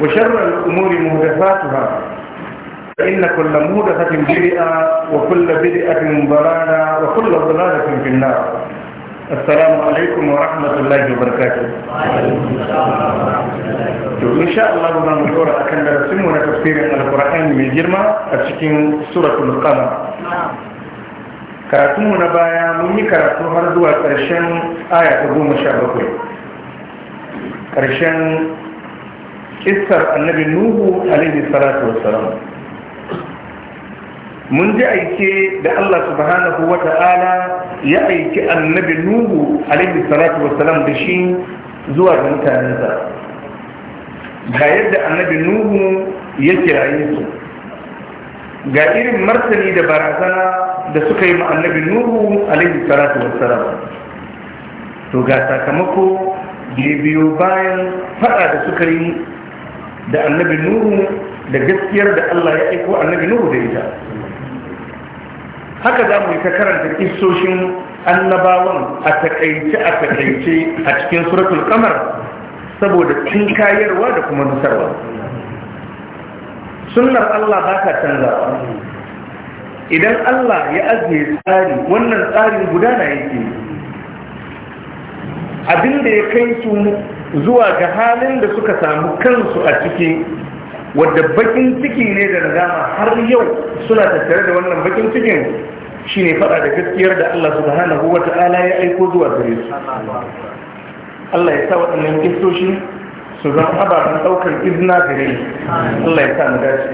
وشر الأمور مهدفاتها فإن كل مهدفة بدئة وكل بدئة ضلالة وكل ضلالة في النار السلام عليكم ورحمة الله وبركاته إن شاء الله بنا مشورة أكن درسمنا تفسير القرآن من جرمة أشكين سورة القمر كراتمنا بايا مني كراتو هردوا كرشان آية شابكوي كرشان kissar annabi nuhu alaihi salatu wassalam mun ji aike da Allah subhanahu wa ta'ala ya aiki annabi nuhu alaihi salatu wassalam da shi zuwa ga mutanensa ga yadda annabi nuhu ya kiraye su ga irin martani da barazana da suka yi ma annabi nuhu alaihi salatu wassalam to ga sakamako biyo bayan fada da suka yi da annabi nuhu da gaskiyar da Allah ya aiko annabi nuhu da ita haka za mu yi karanta isoshin annabawan a takaice a takaice a cikin suratul kamar saboda kayarwa da kuma nusarwa sunnar Allah ba ta canzawa idan Allah ya ajiye tsari wannan tsarin gudana yake da ya kai su zuwa ga halin da suka samu kansu a cikin wadda bakin ciki ne da dama har yau suna tattare da wannan bakin cikin shi ne fada da gaskiyar da Allah su hana wata wata'ala ya aiko zuwa gare su Allah ya sa waɗannan kistoshi su zama ababen ɗaukar izina gare Allah ya sa mu dace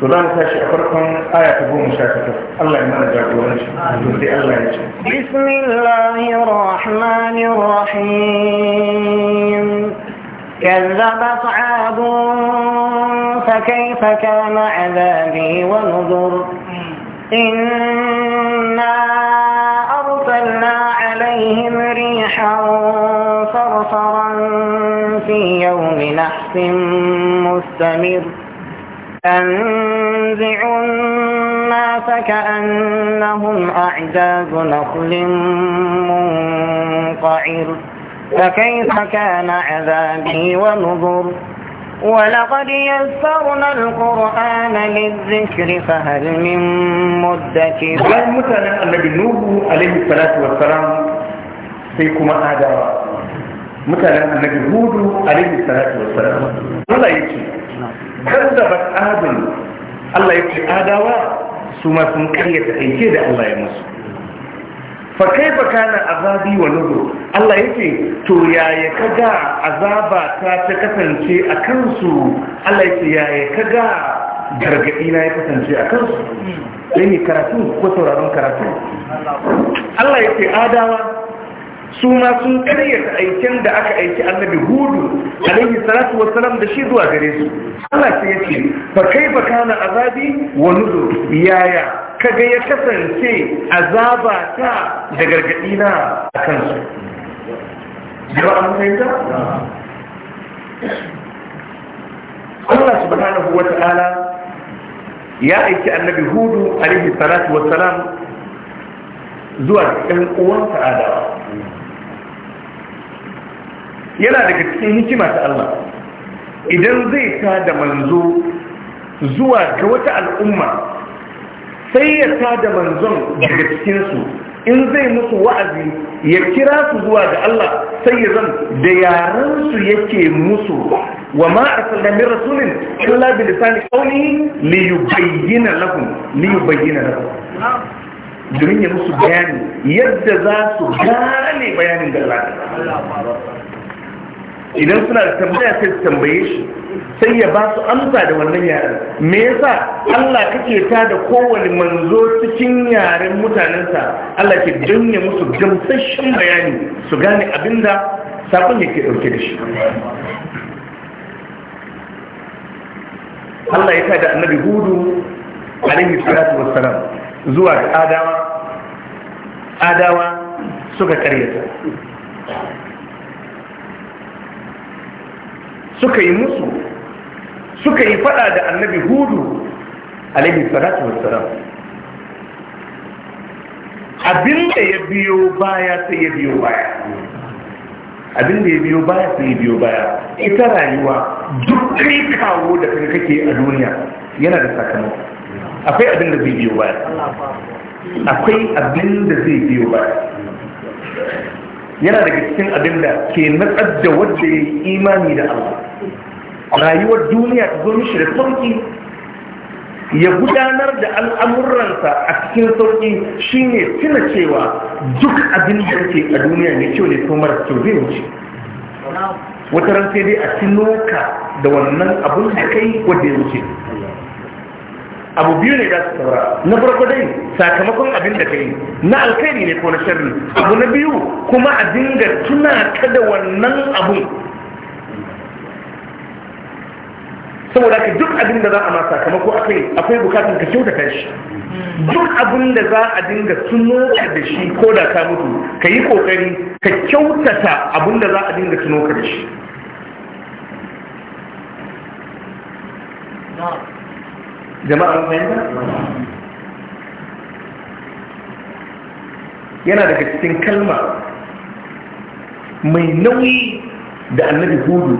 فذا نتاشي آية أبو مشاكسة الله يمنى جاكوانش الله بسم الله الرحمن الرحيم كذب صعاب فكيف كان عذابي ونذر إنا أرسلنا عليهم ريحا صرصرا في يوم نحس مستمر تنزع الناس كأنهم أعجاز نخل منقعر فكيف كان عذابي ونذر ولقد يسرنا القرآن للذكر فهل من مدكر bayan mutanen annabi nuhu alaihi salatu wassalam sai kuma adawa mutanen annabi hudu alaihi salatu wassalam Allah kazzabat adun Allah ya ce adawa su ma sun ta aike da Allah ya musu fa kaifa kana azabi wa nuzur Allah yake to yaya kaga azaba ta ta kasance a kansu Allah yake yaya kaga gargadi na ya kasance a kansu sai ne karatu ko sauraron karatu Allah yake adawa su ma sun karyata aiken da aka aiki annabi hudu alaihi salatu salam da shi zuwa gare su Allah sai yake ce kai ba kana azabi wa nuzur yaya kaga ya kasance azaba ta da gargadi na akan su jama'a mun Allah subhanahu wa ta'ala ya aiki annabi hudu alaihi salatu salam zuwa ɗan uwansa adawa yana daga cikin hikima ta Allah idan zai tada manzo zuwa ga wata al'umma sai ya ta da manzon daga cikinsu in zai musu wa'azi ya kira su zuwa ga Allah sai ya zan da yarensu yake musu wa ma arsalna min rasulin illa bi lisani qawlihi li yubayyana lahum li yubayyana lahum domin ya musu bayani yadda za su gane bayanin da Allah idan suna da tambaya sai su tambaye shi sai ya ba su amsa da wannan yaren me yasa Allah kake ta da kowane manzo cikin yaren mutanensa Allah ke danne musu gamsashen bayani su gane abinda ya yake dauke da shi Allah ya tada annabi hudu alaihi salatu wassalam zuwa ga adawa adawa suka karyata suka yi musu suka yi fada da annabi hudu alaihi salatu wassalam abinda ya biyo baya sai ya biyo baya abinda ya biyo baya sai ya biyo baya ita rayuwa duk kai kawo da kan kake a duniya yana da sakamako akwai abin da zai biyo baya akwai abin da zai biyo baya yana daga cikin abin da ke natsar da wadda ya yi imani da Allah rayuwar duniya ta zo mishi da sauƙi ya gudanar da al'amuransa a cikin sauƙi shi ne tuna cewa duk abin da ke a duniya mai kyau ne ko mara kyau zai wuce wata ran dai a tinoka da wannan abin da kai wadda ya wuce abu biyu ne za su saura na farko dai sakamakon abin da kai na alkhairi ne ko na sharri abu na biyu kuma a dinga tuna ka da wannan abun saboda ka duk abin da za a ma sakamako akai akwai bukatun ka kyautata shi duk abin da za a dinga tuno ka da shi ko da ka mutu ka yi kokari ka kyautata abin da za a dinga tuno ka da shi jama'a mun fahimta yana daga cikin kalma mai nauyi da annabi hudu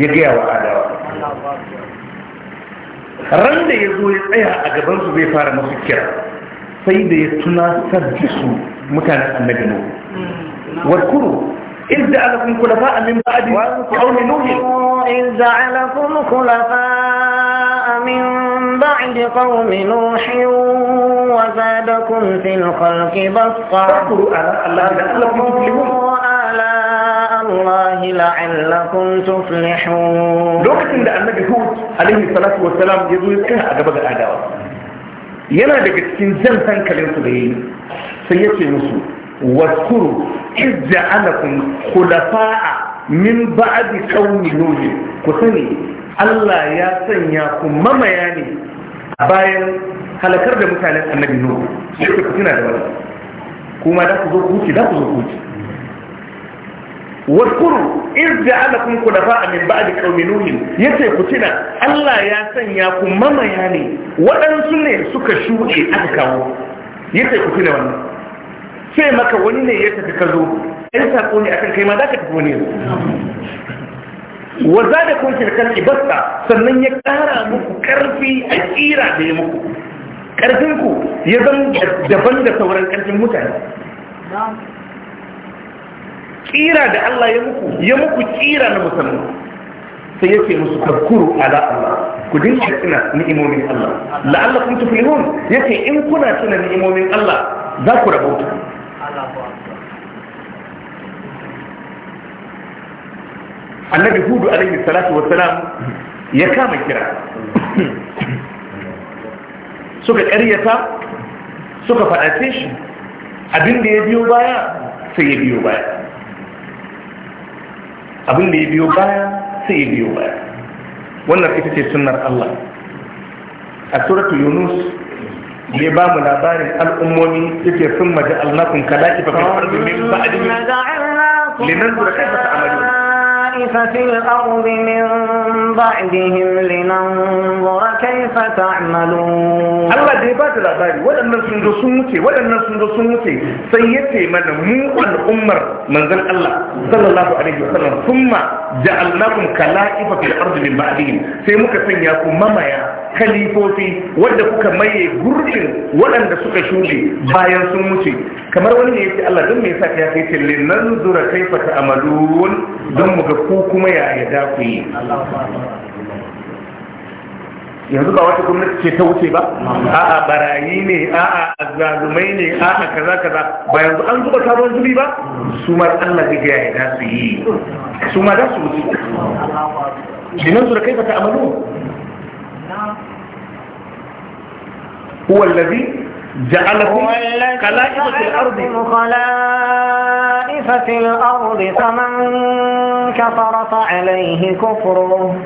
ya gaya wa adawa ran da ya zo ya tsaya a gabansu zai fara masu kira sai da ya tunatar da su mutane annabi nuhu wadkuru إذ kulafa a من بعد قوم نوح إذ جعلكم kulafa من بعد قوم نوح وزادكم في الخلق بسطة واذكروا آلاء الله لعلكم تفلحون لوكتن عند النبي هود عليه الصلاة والسلام يقول لك أجاب الأداوة yana daga cikin تنزل hankalinsu da yi sai yake musu waskuru izza anakun khulafa'a min ba'di qaumi Allah ya sanya ku mamaya ne bayan halakar da mutanen annabi nuhu sai ku tuna da wani, kuma da ku zo kuci da ku zo ku ci واذكروا إذ da خلفاء من بعد قوم yace ku tuna Allah ya sanya ku mamaya ne waɗansu ne suka shuɗe aka kawo yace ku tuna wannan sai maka wani ne ya tafi kazo. ai sako saƙo ne akan kai ma da ka tafi wani ne wa za da kun shirkan ibasta sannan ya ƙara muku ƙarfi a ƙira da ya muku ƙarfinku ya zan daban da sauran ƙarfin mutane ƙira da Allah ya muku ya muku ƙira na musamman sai yake musu tafkuru a Allah ku dinga tuna ni'imomin Allah tufi hun yake in kuna tuna ni'imomin Allah za ku rabauta annabi hudu alaihi salatu wa Salam ya kama kira suka karyata suka faɗace shi abin da ya biyo baya sai ya biyo baya abin da ya biyo baya sai ya biyo baya wannan ita ce sunnar Allah a suratul yunus ya ba mu labarin al'ummomi yake sun maji alnakun kala'i da kan arzikin ba'adin linan zura kai ta amalu كيف في الأرض من بعدهم لننظر كيف تعملون الله دي بعد الأباري ولا نسند سنوتي ولا نسند سنوتي سيتي من مو الأمر من ذن الله صلى الله عليه وسلم ثم جعلناكم كلائف في الأرض من بعدهم سيمك سنياكم ممايا kalifofi wadda kuka maye gurbin waɗanda suka shuɗe bayan sun mutu kamar wani ne yake Allah don me yasa ka kai tilli nan zura kaifa amalun don mu ga ku kuma ya yada ku yi yanzu ba wata gwamnati ce ta wuce ba a'a barayi ne a'a zalumai ne a'a kaza kaza ba yanzu an zuba sabon zubi ba su ma Allah ga ya da su yi su ma da su wuce dinan su da kai ba ta amalu هو الذي جعلكم خلائف في الأرض خلائف في الأرض فمن كفر فعليه كفره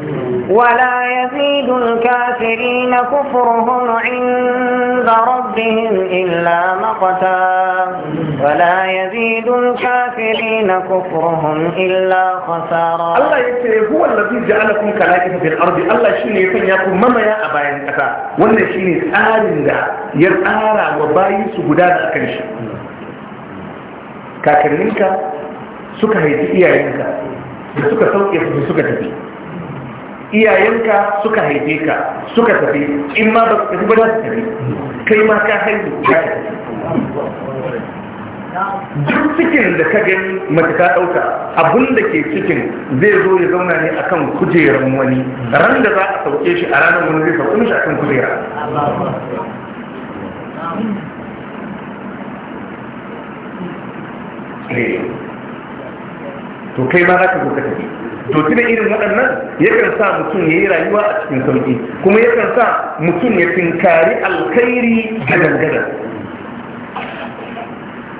ولا يزيد الكافرين كفرهم عند ربهم إلا مقتا ولا يزيد الكافرين كفرهم إلا خسارا الله يكفي هو الذي جعلكم كلاكف في الأرض الله شيني يكون يقول مما يا أبا ينكتا وأن شيء آل ya tsara wa bayan su gudana akan shi kakanninka suka haifi iyayenka da suka sauke su suka tafi iyayenka suka haife ka suka tafi in ma ba su ba su tafi kai ma ka haifi ya ka tafi duk cikin da ka gani mace ta ɗauka abun da ke cikin zai zo ya zauna ne akan kujerar wani ran da za a sauke shi a ranar wani zai sauke shi akan kujera to kai ma za ka zo ka to tuna irin waɗannan yakan sa mutum ya yi rayuwa a cikin sauƙi kuma yakan sa mutum ya tinkari alkhairi da dangana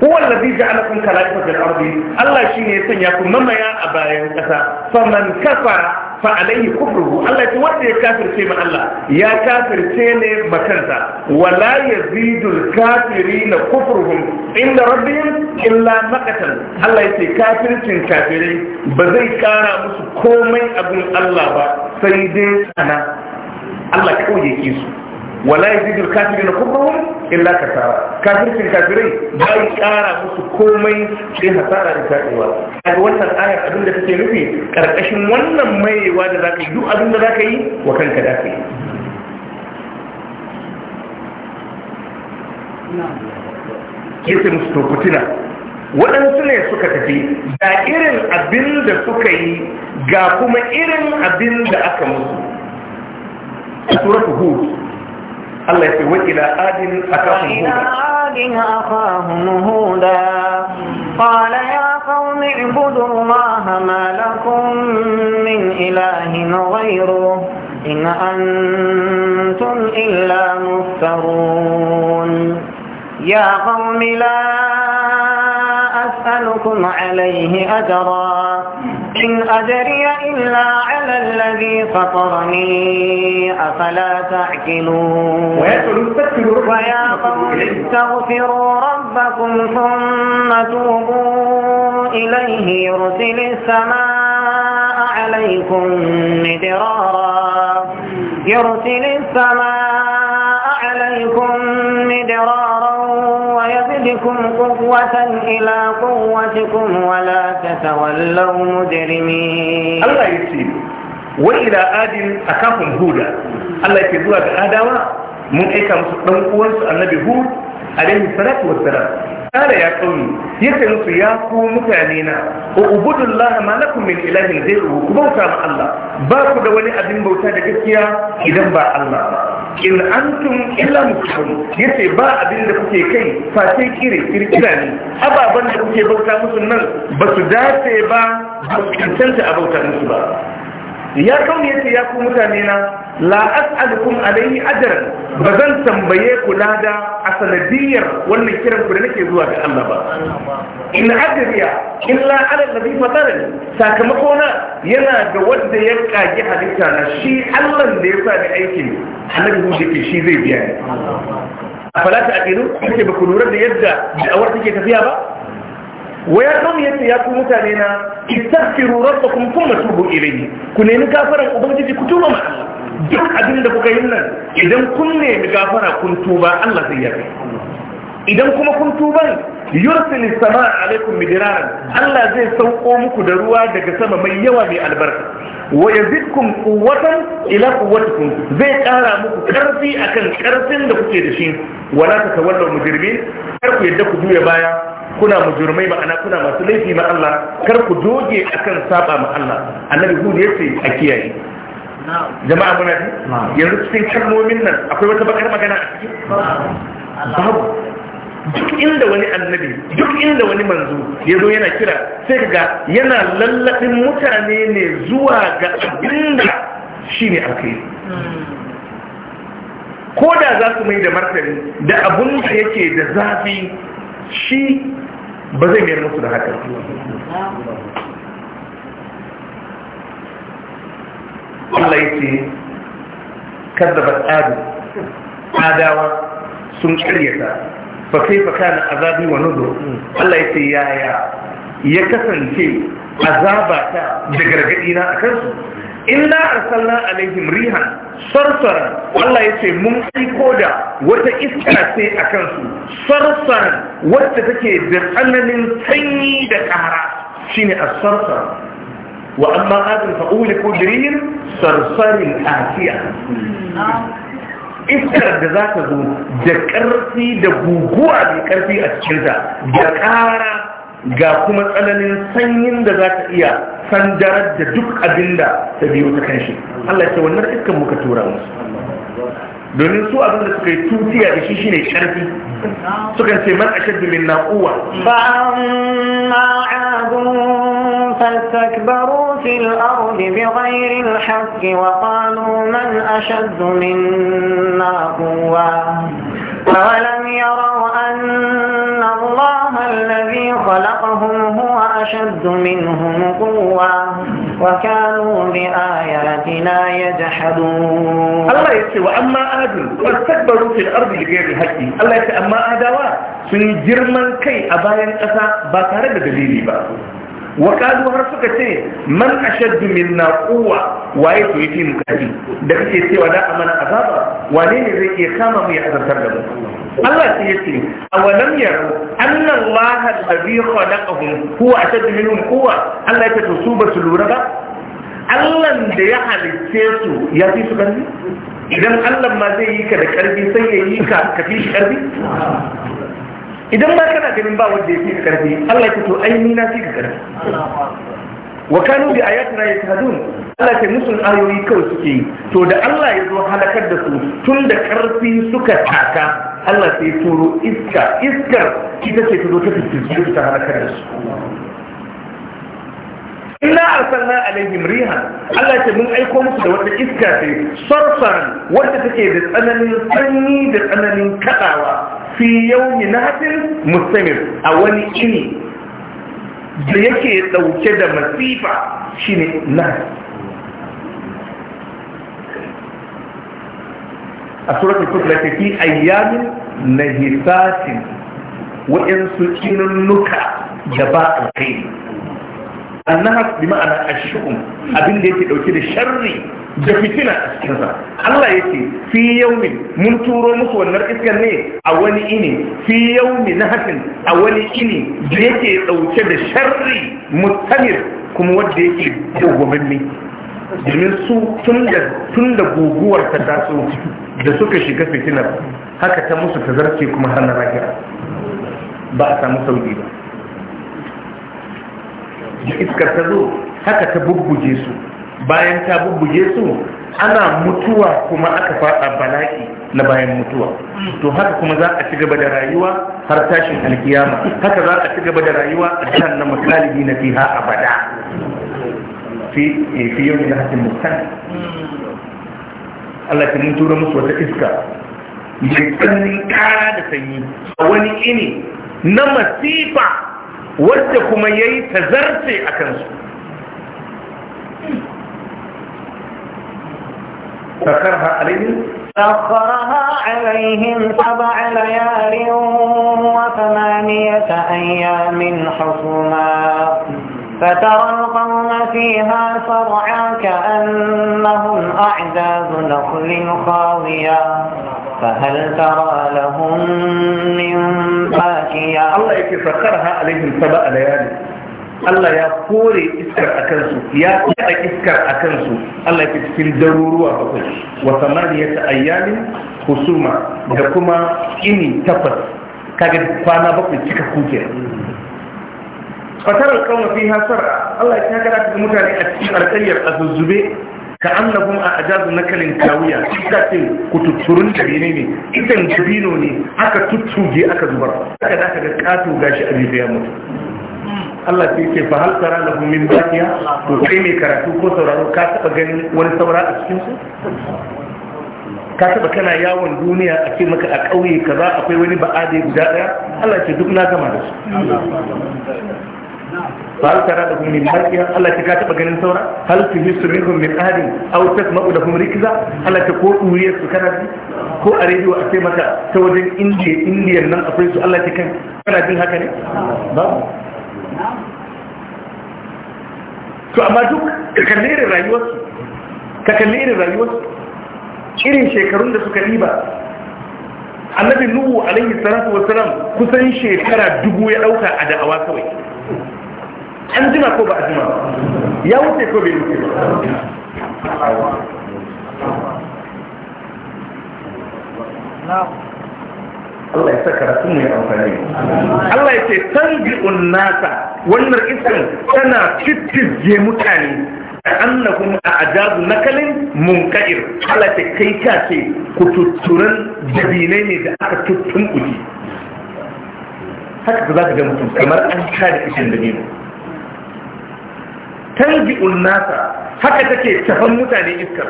هو الذي جعلكم خلائف في الأرض الله شيء يسنيكم مما يا أبا ينكسى فمن كفر فعليه كفره الله يتوجه كافر شيء من الله يا كافر شيء مكانتا ولا يزيد الكافرين كفرهم عند ربهم إلا مقتا الله يتي كافر شيء كافرين بزي كان مسكومي أبن الله با سيدي أنا الله كوي يكيسو wala na kafirin wani? illa kasara kafircin kafirai bai kara musu komai sai hasara da tadewa kaga wannan ayar abin da take nufi karkashin wannan mayewa da zaka yi duk abin da zaka yi wa kanka da kai yace musu to fitina waɗansu ne suka tafi ga irin abin da suka yi ga kuma irin abin da aka musu a suratu hud الله يقول وإلى آد أخاهم هودا آد أخاهم هودا قال يا قوم اعبدوا الله ما لكم من إله غيره إن أنتم إلا مفترون يا قوم لا أسألكم عليه أجرا إن أدري إلا على الذي فطرني أفلا تعقلون ويا قوم استغفروا ربكم ثم توبوا إليه يرسل السماء عليكم مدرارا يرسل السماء عليكم مدرارا بكم قوة إلى قوتكم ولا تتولوا مجرمين الله يسير وإلى آدم أخاهم هودا الله يسير ذوى بآدوا من إيكا مصدقون النبي هود alaihi salatu salam kala ya kauni yace musu ya ku mutane na ubudullaha ma lakum min ilahin ghayru ku bauta ma Allah ba ku da wani abin bauta da gaskiya idan ba Allah ba in antum illa mushrikun yace ba abin da kuke kai fa sai kire kirkira ne ababan da kuke bauta musu nan ba su dace ba ba su cancanta a bauta musu ba ya kauni yace ya ku mutane na la as'alukum alayhi ajran ba zan tambaye ku lada a sanadiyar wannan kiran ku da nake zuwa ga Allah ba in ajriya illa ala alladhi fatarani sakamako na yana ga wanda ya kage halitta na shi Allah da ya sa ni aikin annabi hu yake shi zai biya ni afala ta aqilu kake ba ku lura da yadda da'awar take tafiya ba waya kan yace ya ku mutane na istaghfiru rabbakum thumma tubu ilayhi ku nemi kafaran ubangiji ku tuba ma Allah duk abin da kuka yi nan idan kun nemi gafara kun tuba Allah zai yafe idan kuma kun tuba yursil sama alaikum midran Allah zai sauko muku da ruwa daga sama mai yawa mai albarka wa yazidkum quwwatan ila quwwatikum zai kara muku karfi akan karfin da kuke da shi wala tatawallaw mujrimin kar ku yadda ku juya baya kuna mujurmai ma'ana kuna masu laifi ma Allah kar ku doge akan saba ma Allah annabi ne yace a kiyaye jama'a muna ji yanzu cikin kalmomin nan akwai wata bakar magana a ciki babu duk inda wani annabi duk inda wani manzo ya zo yana kira sai ga yana lallabin mutane ne zuwa ga abinda shi ne alkai ko da za su mai da martani da abun da yake da zafi shi ba zai mayar musu da haka Allah ya ce adu adawa sun karyata fa kaifa kana azabi wa nuzur Allah ya ce yaya ya kasance azabata da gargadi na akan su inna arsalna alaihim rihan sarsara Allah ya ce mun aiko da wata iska sai a kansu sarsara wadda take da tsananin sanyi da ƙara shine a sarsara وأما هذا فأولكوا برير صرصر الآسية iskar da za ta zo da ƙarfi da guguwa mai ƙarfi a cikinta da ƙara ga kuma tsananin sanyin da za ta iya sandarar da duk abin da ta biyo ta kan Allah ce wannan iskan muka tura musu domin su abin da suka yi tutiya da shi shine ƙarfi sukan ce man ashaddu min naquwa فاستكبروا في الأرض بغير الحق وقالوا من أشد منا قوة أولم يروا أن الله الذي خلقهم هو أشد منهم قوة وكانوا بآياتنا يجحدون الله يسي وأما آدم فاستكبروا في الأرض بغير الحق الله يسي أما آدوا سنجرما كي أبايا أسا بطارة دليلي بقى wa kalu har suka ce man ashaddu minna quwwa waye to yafi mu kaji da kake cewa da amana azaba wane ne zai iya kama mu ya azartar da mu Allah sai yace awalam yaru anna Allah alladhi khalaqahum huwa ashaddu minhum quwwa Allah yake to su ba su lura ba Allah da ya halicce su ya fi su karfi idan Allah ma zai yi ka da karfi sai ya yi ka ka fi karfi idan ba kana ganin ba wanda ya fi karfi Allah ya to ai ni na fi karfi wa kanu bi ayatina yatahadun Allah ya musun ayoyi kawai suke to da Allah ya zo halakar da su tun da karfi suka taka Allah sai turo iska iskar ita ce ta zo ta fitin su ta halakar da su inna arsalna alaihim rihan Allah ce mun aiko musu da wata iska ce farfar wanda take da tsananin sanyi da tsananin kadawa fi yawmi nahatin mustamir a wani ini da yake dauke da masifa shine nan. a suratul kufra ta fi ayyamin nahisatin insu kinun nuka da ba kai annahas bi ma'ana ashukum abin da yake dauke da sharri da fitina a cikin cikinsa Allah yake fi yaumi mun turo musu wannan iskan ne a wani ini fi yaumi na a wani ini da yake dauke da sharri mutamir kuma wanda yake dogomanni domin su tun da guguwar ta taso da suka shiga fitinar haka ta musu ta zarce kuma har na ba a samu sauki ba da iskar ta zo haka ta bubbuge su bayan ta bubbuge su ana mutuwa kuma aka faɗa bala'i na bayan mutuwa to haka kuma za a ci gaba da rayuwa har tashin alkiyama haka za a ci gaba da rayuwa a can na makalibi na fiha abada fi eh, fi yau da hakin mutan Allah ta mutu tura musu wata iska mai tsanin kara da sanyi a wani ini na masifa wadda kuma ya yi tazarce a kansu فكرها عليهم سخرها عليهم سبع ليال وثمانية أيام حسوما فترى القوم فيها صرعا كأنهم أعزاز نخل خاوية فهل ترى لهم من باكية الله يتسخرها عليهم سبع ليالي Allah ya kore iskar a kansu ya kada iskar a kansu Allah ya cikin daruruwa bakwai wa samaniyata ayyamin husuma da kuma ini takwas kaga kwana bakwai kika kuke fatarar kauna fi hasara Allah ya kada ka mutane a cikin alƙaryar azuzzube ka annahum a ajazu nakalin kawuya. ita ce kututturun dabine ne idan dabino ne aka tuttuge aka zubar aka da aka kato gashi a bibiya mutu Allah sai ce fa hal na lahum min baqiya to kai mai karatu ko sauraro ka taba ganin wani saura a cikin su ka taba kana yawon duniya a ce maka a ƙauye kaza akwai wani ba'ade guda daya Allah ya ce duk na gama da su fa hal tara da kuma min baqiya Allah ta ka taba ganin saura hal tu hisu minhum min ahadin aw tasma'u kuma rikza Allah ta ko duriyar su kana ko a rediyo a ce maka ta wajen indiya indiyan nan akwai su Allah ta kan kana jin haka ne babu to amma duk ka kalli irin rayuwarsu ka kalli irin rayuwarsu irin shekarun da suka riba annabi nuhu alaihi salatu wasalam kusan shekara dubu ya dauka a da'awa kawai an jima ko ba a jima ya wuce ko bai wuce ba Allah ya sa karatun mu amfani Allah ya ce tanbi'un unnasa wannan iskan tana fitirje mutane annahum a ajabu nakalin munkair Allah ta kai ka ce ku tutturan dabinai ne da aka tuttun uji haka za ka ga mutum kamar an kada ishin dabino tarbi ulnasa haka take tafan mutane iskar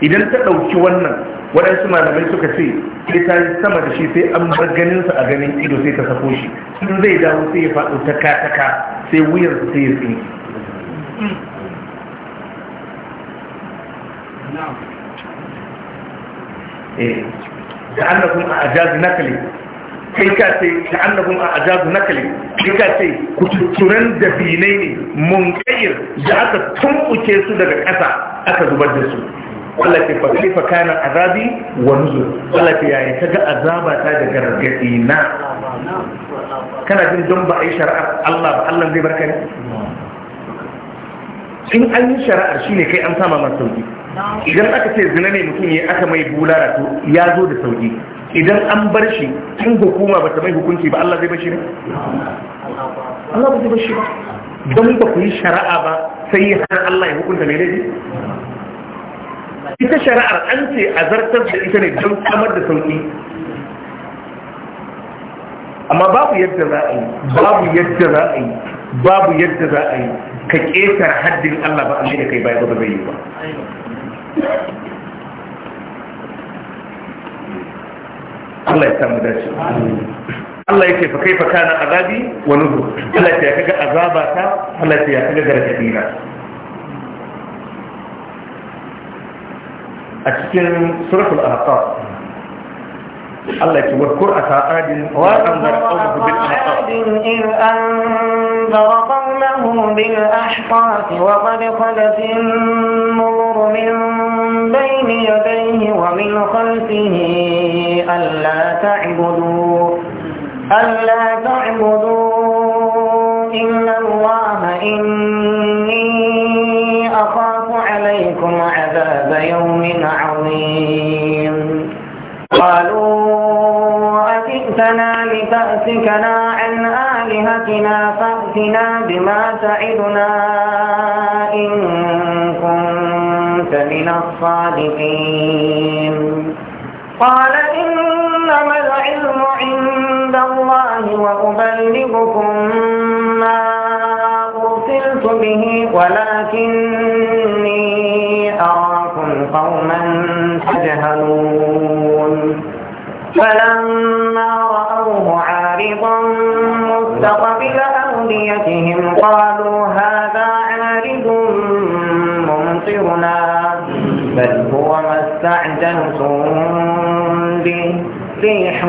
idan ta ɗauki wannan waɗansu malamai suka ce sai ta yi sama da shi sai an bar ganinsa a ganin ido sai ta sako shi in zai dawo sai ya faɗo ta kataka sai wuyar su sai ya tsinki eh, da annakun a ajazi nakali kai ka ce da annabun a ajazu nakali kai ka ce ku kuturan da binai ne munkayir da aka tumbuke su daga ƙasa aka zubar da su Allah ke fasli fa kana azabi wa nuzur Allah ya yi kaga azaba ta da gargadi na kana jin don ba yi shari'ar Allah ba Allah zai barka ne in an yi shari'ar shine kai an sama masauki idan aka ce zina ne mutum ya aka mai bulara to ya zo da sauki idan an bar shi in hukuma ba ta mai hukunci ba Allah zai bar shi ne Allah ba zai bar shi ba don ba ku yi shari'a ba sai ya hana Allah ya hukunta mai laifi ita shari'ar an ce a zartar da ita ne don samar da sauƙi? amma babu yadda za a yi babu yadda za a yi babu yadda za a yi ka ƙetar haddin Allah ba a shi da kai baya ba zai yi ba Allah ya samu dace Allah yake fa kaifa kana azabi wa nuzur Allah ya kaga azaba ta Allah ya kaga gargadi na a cikin suratul ahqaf الله يقول واذكر أخا عاد وأنذر قومه إذ أنذر قومه بالأحقاف وقد خلت النور من بين يديه ومن خلفه ألا تعبدوا ألا تعبدوا إلا الله إني أخاف عليكم عذاب يوم عظيم قالوا أتئتنا لتأسكنا عن آلهتنا فأتنا بما تعدنا إن كنت من الصادقين قال إنما العلم عند الله وأبلغكم ما أرسلت به ولكني أرى قوما تجهلون فلما رأوه عارضا مستقبل أوليتهم قالوا هذا عارض ممطرنا بل هو ما استعجلتم به ريح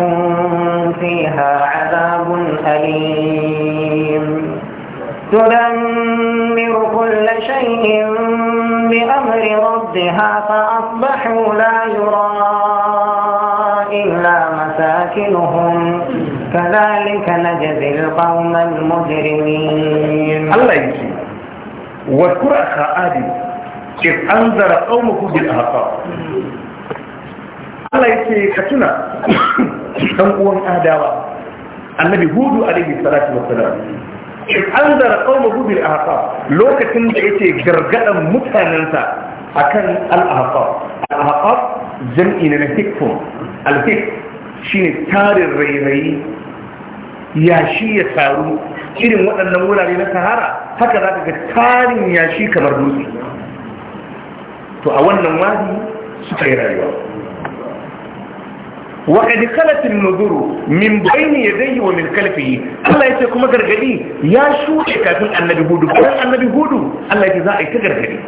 فيها عذاب أليم تدمر كل شيء بأمر ربها فأصبحوا لا يرى إلا مساكنهم كذلك نجزي القوم المجرمين الله يجزي واذكر أخا آدم إذ أنذر قومه بالأعصار الله ya كتنا كم قوم ɗan النبي هود عليه الصلاة والسلام in an zara qaumahu bil ahqaf lokacin da yake gargadan mutanensa akan al ahqaf jam'i na hikfun al hik shine tarin rairayi yashi ya taru irin waɗannan wurare na sahara haka za ka ga tarin yashi kamar dutse to a wannan wadi suka yi rayuwa وقد خلت النذر من بين يديه ومن خلفه الله يتي كما غرغدي يا شوده كافين النبي هود كان النبي هود الله يتي ذا اي تغرغدي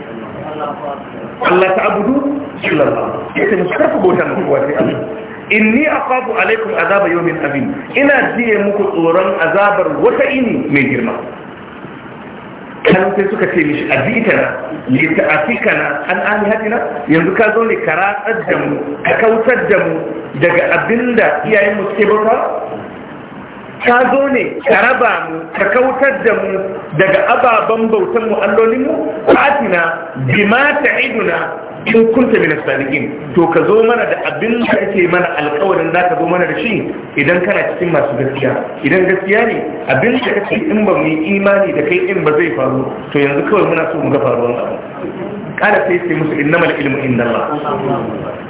الله تعبدوا الا الله يتي مشكرك بوتان قواتي الله inni akhafu alaikum azaba yawmin azim ina jiye muku tsoron azabar wata ini mai girma kan sai suka ce mishi azitana lita'afikana an hadina yanzu ka zo ne ka da mu ka kautar da mu daga abinda iyayen mu suke bauta ka zo ne ka raba mu ka kautar da mu daga ababen bautan mu allolin mu fatina bima ta'iduna in kunta mina salihin to ka zo mana da abin da ake mana alƙawarin da ka zo mana da shi idan kana cikin masu gaskiya idan gaskiya ne abin da ce in ba mu yi imani da kai in ba zai faru to yanzu kawai muna so mu ga faruwar abu kada sai sai musu innamal ilmu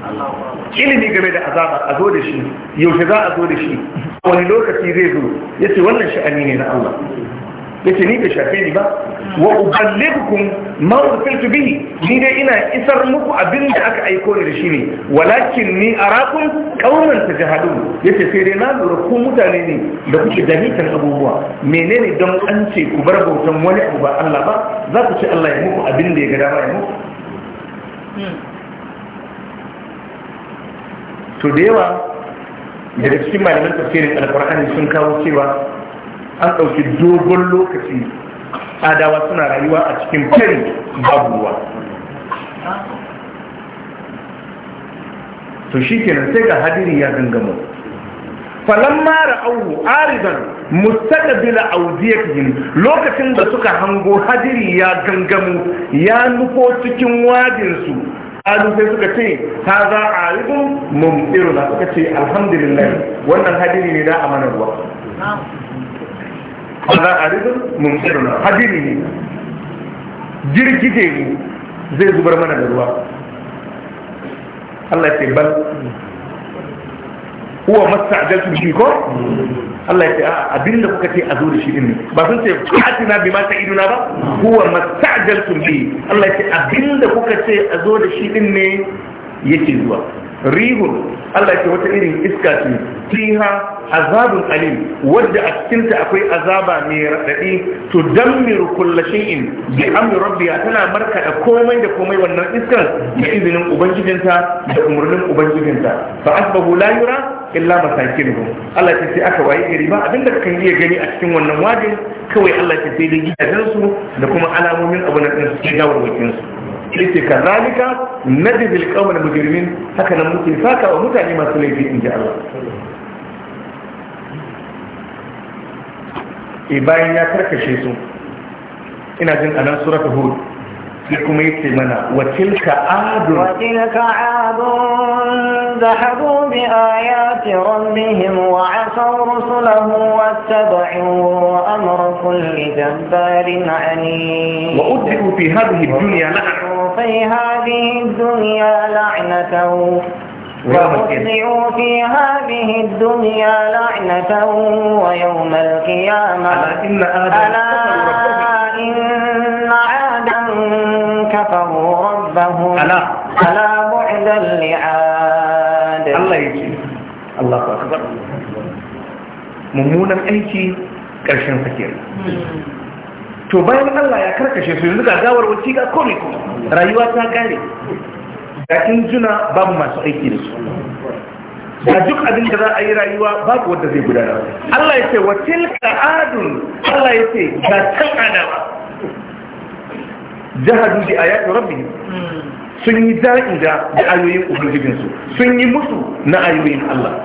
Allah ilimi game da azaba a zo da shi yaushe za a zo da shi wani lokaci zai zo yace wannan sha'ani ne na Allah yace ni bai shafe ni ba wa uballighukum ma ursiltu bihi ni dai ina isar muku abin da aka aiko ni da shi ne walakin ni arakum qauman tajahadun yace sai dai na lura ku mutane ne da kuke jahilcin abubuwa menene don an ce ku bar bautan wani abu ba Allah ba za ku ce Allah ya muku abin da ya ga dama ya muku to da yawa da cikin malaman tafsirin alkur'ani sun kawo cewa an ɗauki dogon lokaci adawa suna rayuwa a cikin fari babu ruwa to shi kenan sai ga hadiri ya gangamo falamma ra'awu aridan mustaqbila awdiyatihim lokacin da suka hango hadiri ya gangamo ya nufo cikin wadin su alu suka ce ta za a rikun na suka ce alhamdulillah wannan hadiri ne da a mana ruwa maza a rikin nuna hadiri ne jirgite ne zai zubar mana da ruwa Allah ya ce bal huwa ajal su shi ko Allah ya ce abin da kuka ce a zo da shi ne. ba sun ce fatina bi mata iduna ba huwa ajal su bihi Allah ya ce abin da kuka ce a zo da shi ɗin ne yake zuwa rihun Allah ce wata irin iska ce fiha azabun alim wadda a cikinta akwai azaba mai raɗaɗi to dammiru kulla shay'in bi amri rabbiya tana markada komai da komai wannan iskar da izinin ubangijinta da umarnin ubangijinta fa asbahu la yura illa masakinuhum Allah ce sai aka waye gari ba abinda kan iya gani a cikin wannan wajin kawai Allah ce sai dai gidajensu da kuma alamomin abu su ke gawarwakin su yace kazalika najzil qawmal mujrimin haka nan muke saka wa mutane masu laifi in ji Allah e bayan ya karkashe su ina jin anan suratul hud sai kuma yace mana wa tilka adu wa tilka adu zahabu bi ayati rabbihim wa asaw rusulahu wa wattaba'u amra kulli jabbarin anin wa udhibu fi hadhihi dunya la'an في هذه الدنيا لعنة وأتبعوا في هذه الدنيا لعنة ويوم القيامة ألا إن عادا كفروا ربهم ألا بعدا لعاد الله يجزي الله أكبر mummunan aiki ƙarshen sakiyar to bayan Allah ya karkashe su yanzu ga gawar wasi ga komai rayuwa ta gane. ga juna babu masu aiki da su ga duk abin da za a yi rayuwa babu wanda zai gudana Allah ya ce wa tilka adun Allah ya ce ga can adawa jahadu bi ayati rabbihim sun yi da'ida da ayoyin su sun yi musu na ayoyin Allah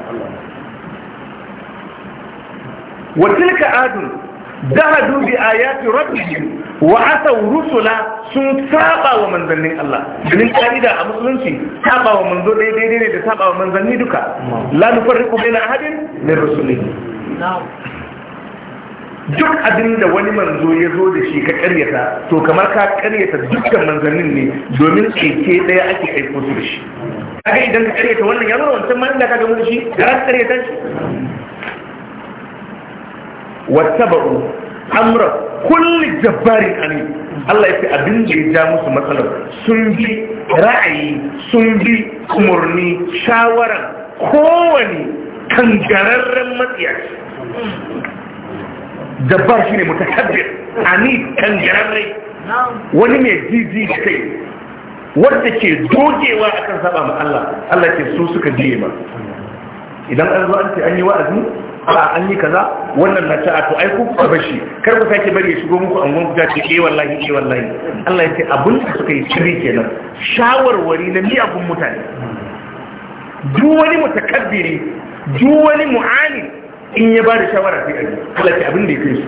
wa tilka adun jahadu bi ayati rabbihim wa asaw rusula sun saba wa manzannin Allah din ka'ida a musulunci saba wa manzo daidai ne da saba wa manzanni duka la nufarriqu baina ahadin min rusulihi duk abin da wani manzo ya zo da shi ka karyata to kamar ka karyata dukkan manzannin ne domin keke daya ake aiko su da shi kaga idan ka karyata wannan ya zama wancan ma inda ka ga mun shi ka karyata shi wattaba'u amra kulli jabbarin alim Allah ya fi abin da ya ja musu matsalar sun bi ra'ayi sun bi umarni shawaran kowane kangararren matsiyaci jabbar shi ne mutakabbir amin kangararre wani mai jiji kai wadda ke dogewa akan saba ma Allah Allah ke so suka je ma idan an zo an ce an yi wa'azi a an yi kaza wannan na ta to ai ku ku bashi kar ku sake bari ya shigo muku angon ku ta ce eh wallahi eh wallahi Allah ya ce abun da suka yi shiri kenan shawarwari na miyagun mutane duk wani mutakabbiri duk wani mu'ani in ya ba da shawara sai a yi Allah ya abin da ya kai su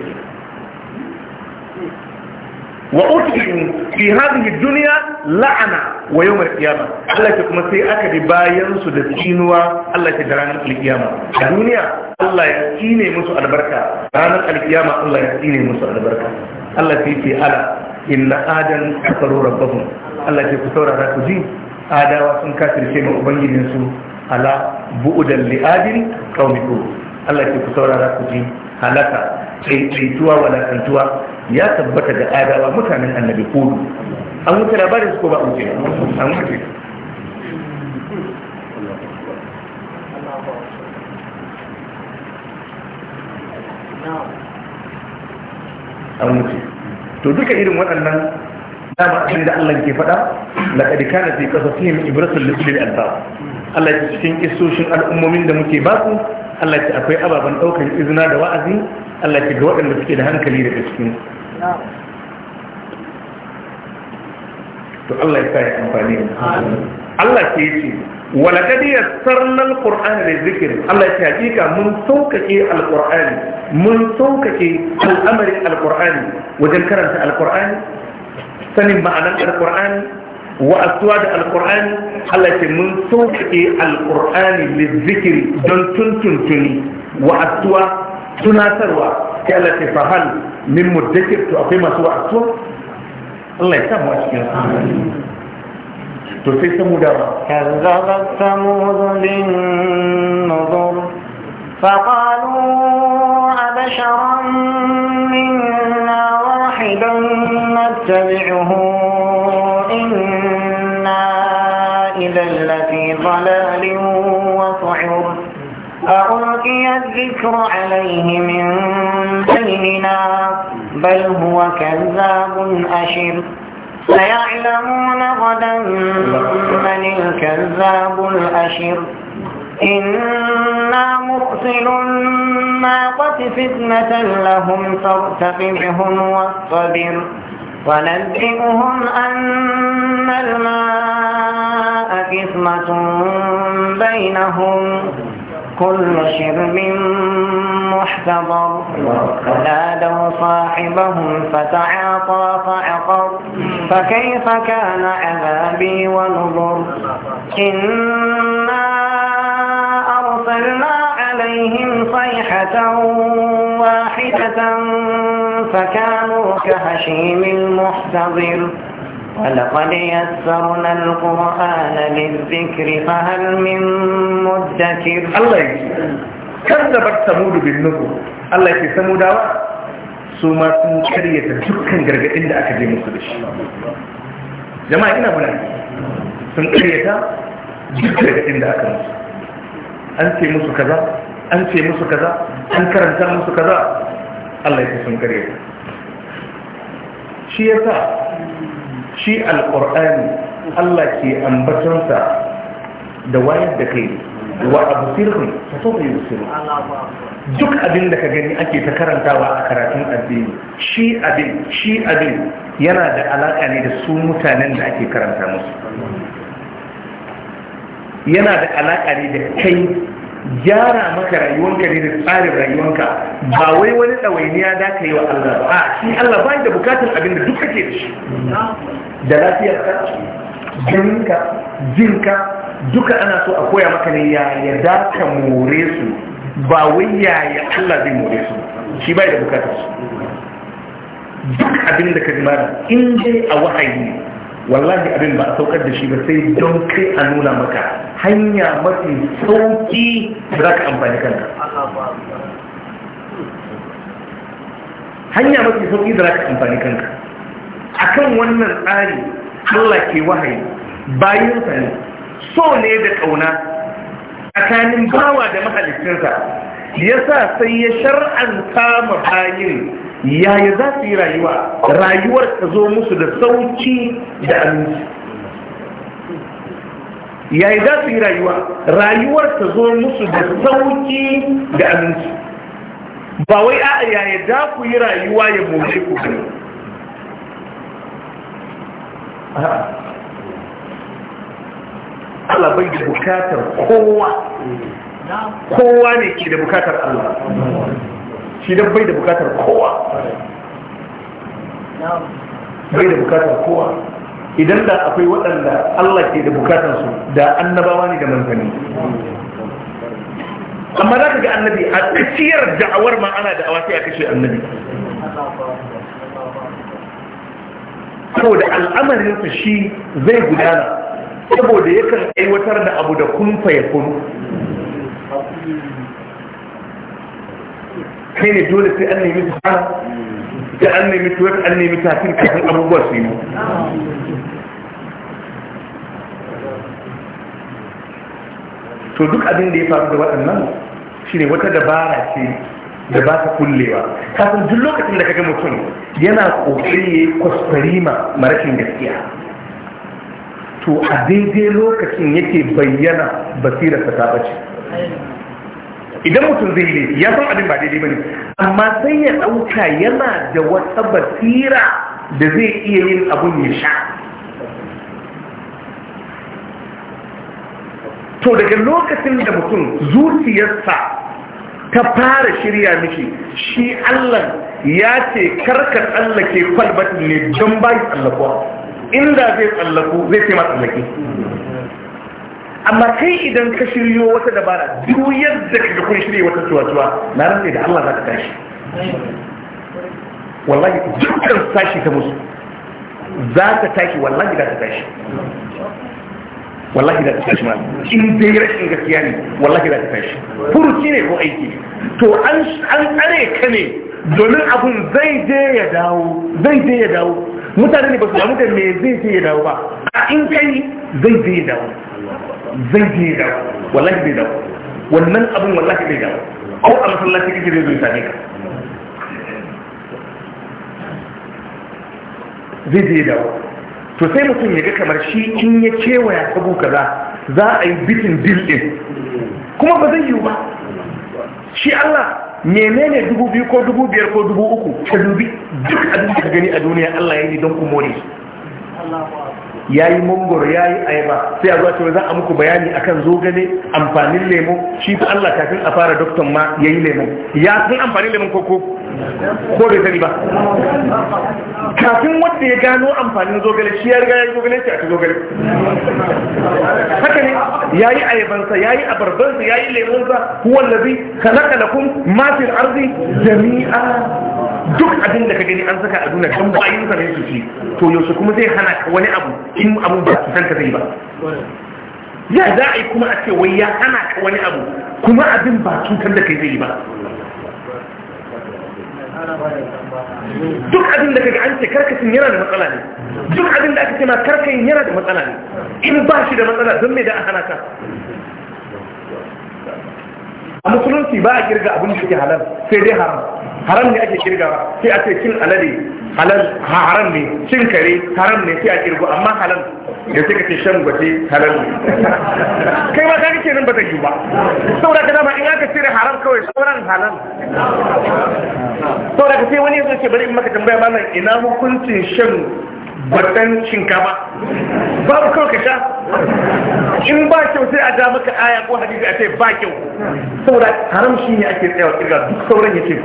Wa'udu biyun, biyun haɗu bi duniya la'ana wa yau al-kiyama. Allah ke kuma sai aka bi bayansu da kinuwa. Allah ke daran al-kiyama. Duniya? Allah ya ki musu albarka. Ranar al-kiyama Allah ya ki ne musu albarka. Allah ke yi fiye ala illa Adamu, Keturu, Rabafun. Allah ke ku taurara kuzi adawa sun kafi da shima a Ala bu'u da li'adin, rauni ko. Allah ke ku taurara kuzi halarta. tsaituwa wala tsaituwa ya tabbata da adawa mutanen annabi kudu an wuce labarin su ko ba a wuce an wuce an wuce to duka irin waɗannan dama abin da Allah ke faɗa laqad kana fi qasasihim ibratun lil albab Allah ya cikin isoshin al'ummomin da muke baku Allah akwai ababen ɗaukar izina da wa’azi Allah ga waɗanda suke da hankali da gaskin to Allah ya sa ya amfani Allah ce ce walakadi ya sarnar ƙur'an da zikiri Allah ce hakika mun sauƙaƙe al-ƙur'an mun sauƙaƙe al'amari al-ƙur'an wajen karanta al-ƙur'an sanin ma'anar al-ƙur'an واسواد القران التي من صوتي القران للذكر دون تن تن واسوا تنا سروا التي فهل من مدكر تقيم سوى اسوا الله يسمى اشكال تسي سمودا كذبت ثمود للنظر فقالوا أبشرا منا واحدا نتبعه إنا في ضلال وسعر أألقي الذكر عليه من بيننا بل هو كذاب أشر سيعلمون غدا من الكذاب الأشر إنا مرسل الناقة فتنة لهم فارتقبهم واصطبر ونبئهم أن الماء كثمة بينهم كل شرب محتضر فنادوا صاحبهم فتعاطى فعقر فكيف كان عذابي ونظر إنا أرسلنا عليهم صيحة واحدة فكانوا كهشيم المحتضر ولقد يسرنا القرآن للذكر فهل من مدكر الله كذبت ثمود بالنبو الله في ثمود هو ثم سنكرية جكا جرقة إلا أكدي مصدش جماعة إنا بنا سنكرية جكا جرقة إلا أكدي مصدش أنت مصد كذا أنت مصد كذا أنكر أنت مصد كذا Allah ya sun kare ta shi ya sa shi alƙur'ani Allah ke ambatonsa da wayar da kai wa a sirrin ta so duk abin da ka gani ake ta karantawa a karatun addini shi abin shi abin yana da alaƙa ne da su mutanen da ake karanta musu yana da alaƙa ne da kai gyara maka rayuwanka ne da tsarin rayuwanka ba wai wani ɗawainiya da ka yi wa Allah ba a shi Allah ba da bukatar abin da duk kake da shi da lafiyarka jininka jinka duka ana so a koya maka ne yaya da ka more su ba wai yaya Allah zai more su shi ba da bukatar su duk abin da ka ji mara in dai a wahayi wallahi abin ba a saukar da shi ba sai don kai a nuna maka hanya mafi sauki da za ka amfani kanka hanya mafi sauki ka amfani kanka a kan wannan tsari allah ke wahayi bayan ne so ne da ƙauna tsakanin bawa da mahalicinsa ya sa sai ya shar'anta ma bayin yaya za su yi rayuwa rayuwar ta zo musu da sauki da aminci yaya za su yi rayuwa rayuwar ta zo musu da sauki da aminci ba wai a yaya za ku yi rayuwa ya moshe ku ne Allah bai da bukatar kowa kowa ne ke da bukatar Allah shi dan bai da bukatar kowa bai da bukatar kowa idan da akwai waɗanda Allah ke da bukatar su da annabawa ne da manzanni amma za ka ga annabi a tsakiyar da'awar ma ana da'awa sai a kashe annabi saboda al'amarinsa shi zai gudana saboda yakan aiwatar da abu da kun fayakun kai ne dole sai an nemi ta ta an nemi tuwar an nemi tafin kafin abubuwa su yi to duk abin da ya faru da waɗannan shine ne wata dabara ce da ba ta kullewa kafin duk lokacin da kaga mutum yana ƙoƙari ya yi kwaskwarima marashin gaskiya to a daidai lokacin yake bayyana basirarsa ta bace idan mutum zai ne ya san abin ba daidai bane amma sai ya ɗauka yana da wata basira da zai iya yin abun ya sha to daga lokacin da mutum zuciyarsa ta fara shirya miki shi Allah ya ce karka tsallake kwalbatin ne don bayi tsallakuwa inda zai tsallaku zai ce ma tsallake amma kai idan ka shiryo wata dabara duk yadda kaga kun shirye wata tuwa-tuwa na rantsa da Allah za ka tashi wallahi dukkan sashi ta musu za ka tashi wallahi za ka tashi wallahi za ka tashi ma in dai rashin gaskiya ne wallahi za ka tashi furuci ne ko aiki to an tsare ka ne domin abun zai je ya dawo zai je ya dawo mutane ne ba su damu da me zai je ya dawo ba a in kai zai je ya dawo zai je da wallahi bai da wannan abin wallahi bai da ko a masallaci kike zai zai same ka zai je da to sai mutum ya ga kamar shi in ya kewaya sabu kaza za a yi bitin dil din kuma ba zai yiwu ba shi Allah menene dubu biyu ko dubu biyar ko dubu uku ka dubi duk abin da gani a duniya Allah ya yi don ku more ya yi mangoro ya yi ayaba sai a zuwa cewa za a muku bayani akan zogale amfanin lemo shi fi Allah kafin a fara doktor ma ya yi lemo ya sun amfanin lemon koko ko bai sani ba kafin wanda ya gano amfanin zogale shi ya riga ya zogale shi a ci zogale haka ne ya yi ayabansa ya yi abarbansa ya yi lemonsa wallazi kalaka kun, mafil arzi jami'a duk abin da ka gani an saka a duna kan bayan sa su ci to yaushe kuma zai hana ka wani abu in abu ba su san ka zai ba ya za a yi kuma a ce wai ya hana ka wani abu kuma abin ba cutar da kai zai ba duk abin da kaga an ce karkashin yana da matsala ne duk abin da aka ce ma karkashin yana da matsala ne in ba shi da matsala don mai da a hana ka a musulunci ba a kirga abin da ke halar sai dai haram haram ne ake kirgawa sai a ce cin alade halal haram ne cin kare haram ne sai a kirgo amma halal ya sai ka ce shan gwaje halal ne kai ma kake nan ba ta yi ba saboda ka dama in aka cire haram kawai sauran halal saboda ka sai wani ya zo ce bari in maka tambaya nan ina hukuncin shan gwadon shinkafa babu kawai ka sha in ba kyau sai a ja maka aya ko hadisi a ce ba kyau saboda haram shi ne ake tsayawa kirga duk sauran ya ce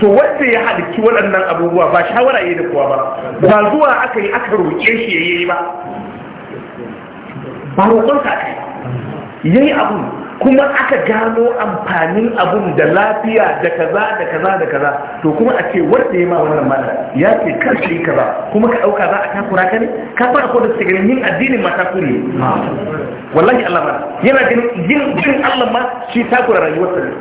to wanda ya halicci waɗannan abubuwa ba shawara yi da kuwa ba ba zuwa aka yi aka roƙe shi ya yi ba ba roƙonsa aka ya yi abu kuma aka gano amfanin abun da lafiya da kaza da kaza da kaza to kuma a ce wanda ya ma wannan mata ya ce kar shi kaza kuma ka dauka za a takura ka ne ka fara ko da suke yin addinin ma ne wallahi Allah ma yana ganin yin jin Allah ma shi takura rayuwar ne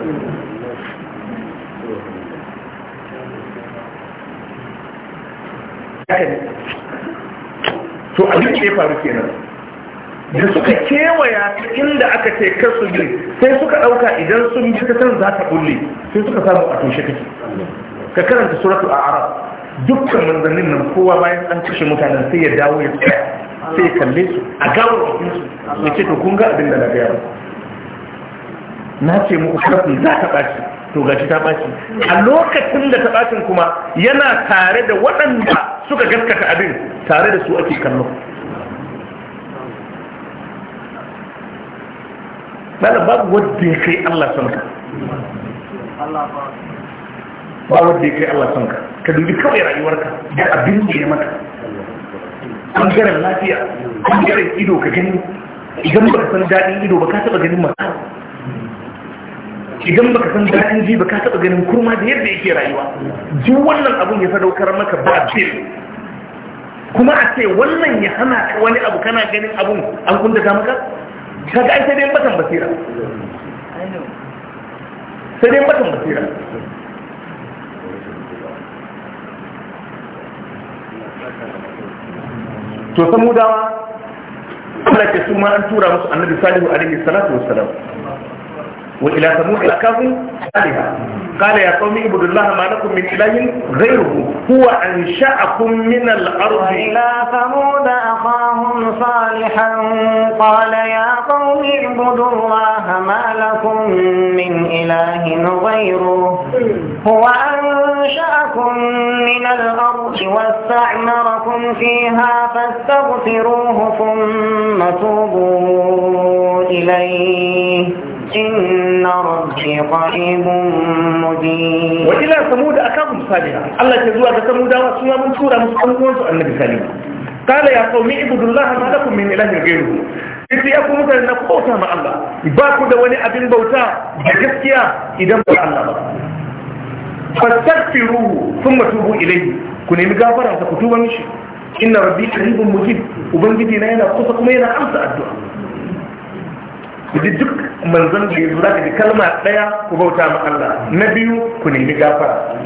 to abin da ya faru kenan da suka kewaya ta inda aka ce kar su bi sai suka ɗauka idan sun bi ta san za ta bulle, sai suka samu a toshe kake ka karanta suratu a arab dukkan manzannin nan kowa bayan an kashe mutanen sai ya dawo ya tsaya sai kalle su a gawar su ya ce to kun ga abin da na gaya na ce muku karfi za ta ɓaci to gashi ta ɓaci a lokacin da ta ɓacin kuma yana tare da waɗanda suka gaskata abin tare da su ake kallon. bala babu wadda ya kai Allah son ka ba wadda ya kai Allah son ka ka dubi kawai rayuwarka da abin da ya An gare lafiya gare ido ka gani idan ba san daɗin ido ba ka taɓa ganin masu idan ba san daɗin ji ba ka taɓa ganin kurma da yadda yake rayuwa duk wannan abun ya sadaukar maka ba ce kuma a ce wannan ya hana wani abu kana ganin abun an kundata maka kaga ai sai dai batan basira sai dai batan basira to samudawa Allah ke su ma an tura musu annabi salihu alaihi salatu wassalam وإلى ثمود أخاهم آلهة قال يا قوم اعبدوا الله ما لكم من إله غيره هو أنشأكم من الأرض وإلى ثمود أخاهم صالحا قال يا قوم اعبدوا الله ما لكم من إله غيره هو أنشأكم من الأرض واستعمركم فيها فاستغفروه ثم توبوا إليه إن ربي قريب مجيب وإلى allah أخاهم zuwa الله تزوى ثمود وسوى من سورة مسلمون النبي صالح ya ya kuma mutane na bauta ma Allah ba ku da wani abin bauta da gaskiya idan ba Allah ba fastaghfiruhu thumma tubu ilayhi ku nemi gafara ku tuba mishi inna rabbi qaribun mujib ubangiji na yana kusa kuma yana amsa addu'a duk manzon da ya zo zaka kalma daya ku bauta ma Allah na biyu ku nemi gafara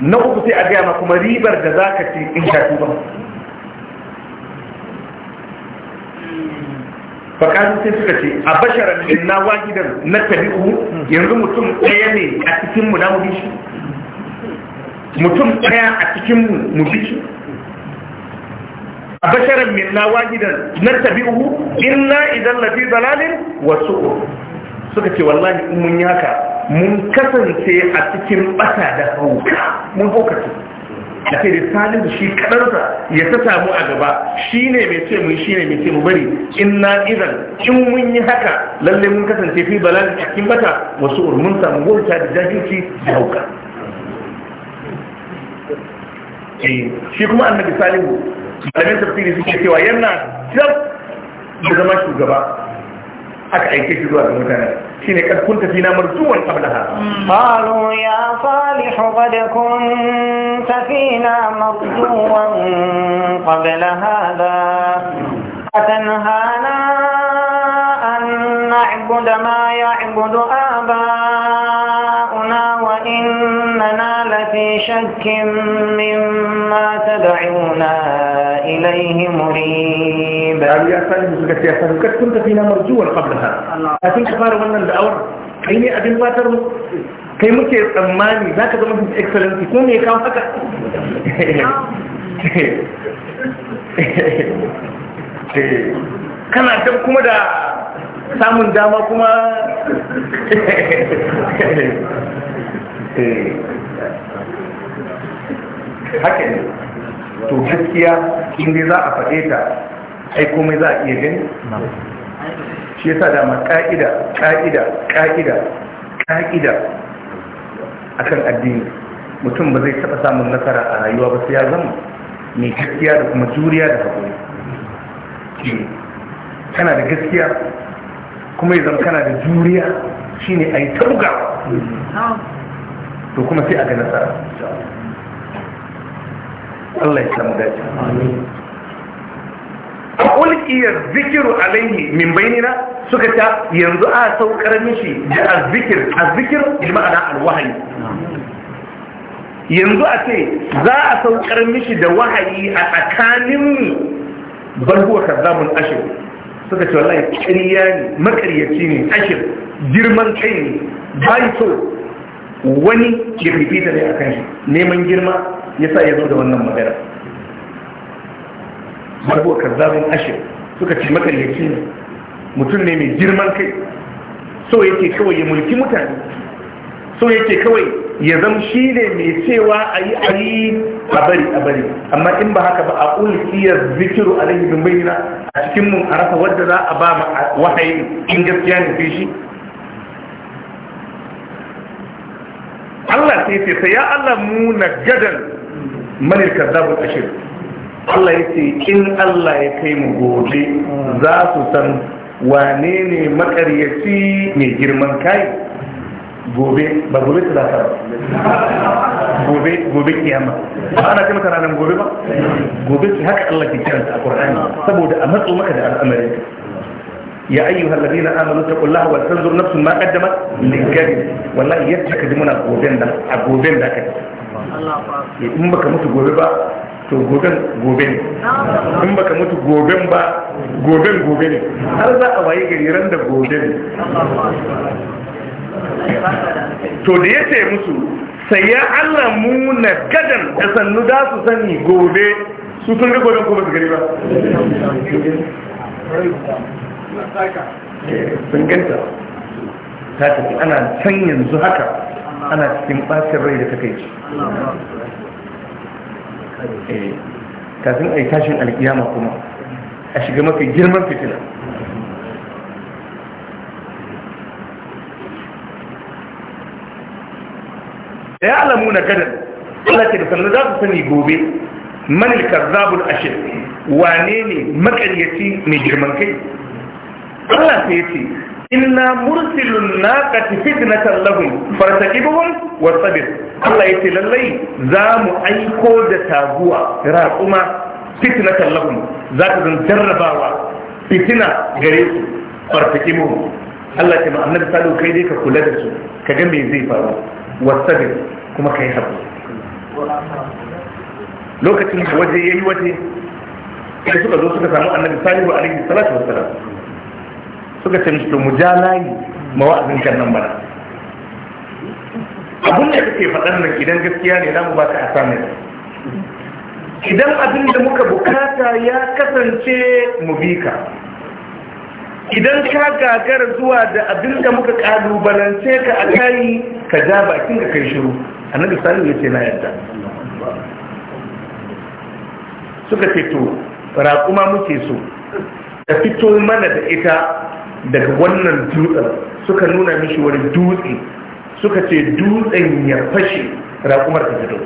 na uku sai a gaya ma kuma ribar da zaka ci in ka tuba fakatu sai suka ce a basharar na wahidan na tabi'u yanzu mutum ɗaya ne a cikin mu na mu shi, mutum ɗaya a cikin mu mu shi. a basharar na wahidan na tabi'u inna idan lafi zalalin wasu suka ce wallahi in mun haka mun kasance a cikin bata da hauka mun haukace a ce da salihu shi kadarsa ya ta samu a gaba shi ne mai ce mun shi ne mai ce mu bari in na idan in mun yi haka lalle mun kasance fi balan cikin bata wasu urmun samu wauta da jahilci da hauka eh, shi kuma annabi salihu malamin tafsiri suke cewa yana jab da zama shugaba aka aike shi zuwa ga mutane shine kad kunta fina marjuwan qabla hada qalu ya salih qad kunta fina marjuwan qabla hada atanhana an na'budu ma ya'budu aba'una wa innana lafi shakkin mimma tad'una إليه مريب أبي أساني سكت يا ساني قد كنت فينا مرجوا muke tsammani za ka zama his excellency ko kuma da samun dama kuma to gaskiya in dai za a faɗe ta ai komai za a iya gani shi yasa dama ka'ida ka'ida ka'ida ka'ida akan addini mutum ba zai taɓa samun nasara a rayuwa ba sai ya zama mai gaskiya da kuma juriya da haƙuri kana da gaskiya kuma ya zama kana da juriya shine a yi ta to kuma sai a ga nasara Allah ya samu dace zikiru alaihi min bainina suka ta yanzu a saukar mishi da azzikir azzikir bi ma'ana alwahayi yanzu a ce za a saukar mishi da wahayi a tsakanin Balbuwa kazzabun ashir suka ce wallahi ƙarya ne makaryaci ne ashir girman kai ne bai so wani ya fifita ne akan shi neman girma Ya sa ya zo da wannan magana marbuwa karzabin ashir suka ce makaryaci ne mutum ne mai girman kai so yake kawai ya mulki mutane so yake kawai ya zama shi ne mai cewa a yi a yi a bari a bari amma in ba haka ba a ulkiyar zikiru a bin bayyana a cikin mun a wadda za a ba wahayi in gaskiya ne fi shi Allah sai sai ya Allah mu na gadan manil kazzabul ashir Allah ya ce in Allah ya kai mu gobe za su san wane ne makaryaci mai girman kai gobe ba gobe su zata ba gobe gobe kiyama ba ana kama ta ranar gobe ba gobe su haka Allah ke kiranta a Qur'ani saboda a matso maka da al'amarin Ya يا أيها الذين آمنوا اتقوا الله ولتنظر نفس ما قدمت wallahi والله يتكلمون أبو بندا gobe da كده Eh, in baka mutu gobe ba to goben gobe ne in baka mutu goben ba goben gobe ne har za a waye gari ran da goben? to da ya ce musu sai ya Allah na kadan da sannu da su sani gobe su sun ga goben ko ba su gari ba eh, sun ganta ta tafi ana can yanzu haka ana cikin ɓacin rai da takaici eh, kafin a yi tashin alkiyama kuma a shiga mafi girman fitila da ya alamu na gadar Allah ke da sannan za su sani gobe manil karzabul ashir wane ne makaryaci mai girman kai Allah sai ya ce inna mursilun naqati fitnatan lahum fartaqibuhum wasabir Allah ya ce lallai za mu aiko da taguwa raquma Fitna lahum za ta zan jarrabawa fitina gare su fartaqibuhum Allah ce ma annabi salihu kai dai ka kula da su ka ga me zai faru wasabir kuma ka yi haƙuri lokacin da waje yayi waje sai suka zo suka samu annabi salihu alaihi salatu wassalam suka ce musu to mu ja layi ma wa'azin kan nan bana abin da kake faɗan nan idan gaskiya ne ba ka a samun idan abin da muka bukata ya kasance mu bi ka idan ka gagara zuwa da abin da muka kalubalance ka a kayi ka ja bakin ka kai shiru annabi salihu ya ce na yadda suka ce to raƙuma muke so ka fito mana da ita daga wannan dutsen suka nuna mishi wani dutse suka ce dutsen ya fashe raƙumar ta fito